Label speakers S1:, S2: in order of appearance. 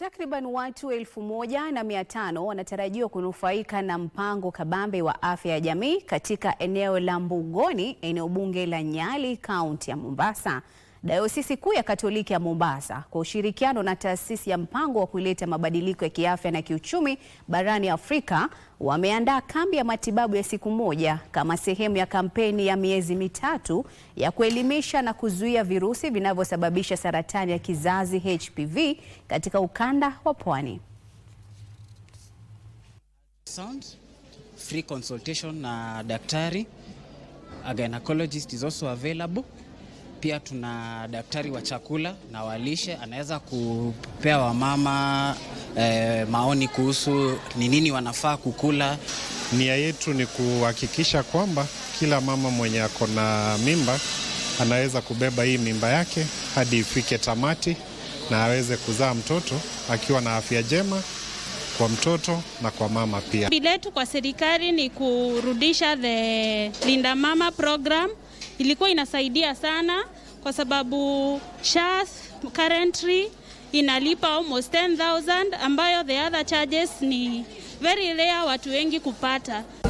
S1: Takriban watu elfu moja na mia tano wanatarajiwa kunufaika na mpango kabambe wa afya ya jamii katika eneo la Mbugoni, eneo bunge la Nyali, kaunti ya Mombasa. Dayosisi Kuu ya Katoliki ya Mombasa kwa ushirikiano na taasisi ya mpango wa kuleta mabadiliko ya kiafya na kiuchumi barani Afrika wameandaa kambi ya matibabu ya siku moja kama sehemu ya kampeni ya miezi mitatu ya kuelimisha na kuzuia virusi vinavyosababisha saratani ya kizazi HPV katika ukanda wa Pwani.
S2: Free consultation na daktari. A gynecologist is also available. Pia tuna daktari wa chakula na walishe, anaweza kupea wamama e, maoni kuhusu ni nini wanafaa kukula.
S3: Nia yetu ni kuhakikisha kwamba kila mama mwenye ako na mimba anaweza kubeba hii mimba yake hadi ifike tamati na aweze kuzaa mtoto akiwa na afya njema kwa mtoto na kwa mama pia.
S4: Ombi kwa serikali ni kurudisha the Linda Mama program ilikuwa inasaidia sana kwa sababu SHA currently inalipa almost 10000 ambayo the other charges ni very rare watu wengi kupata.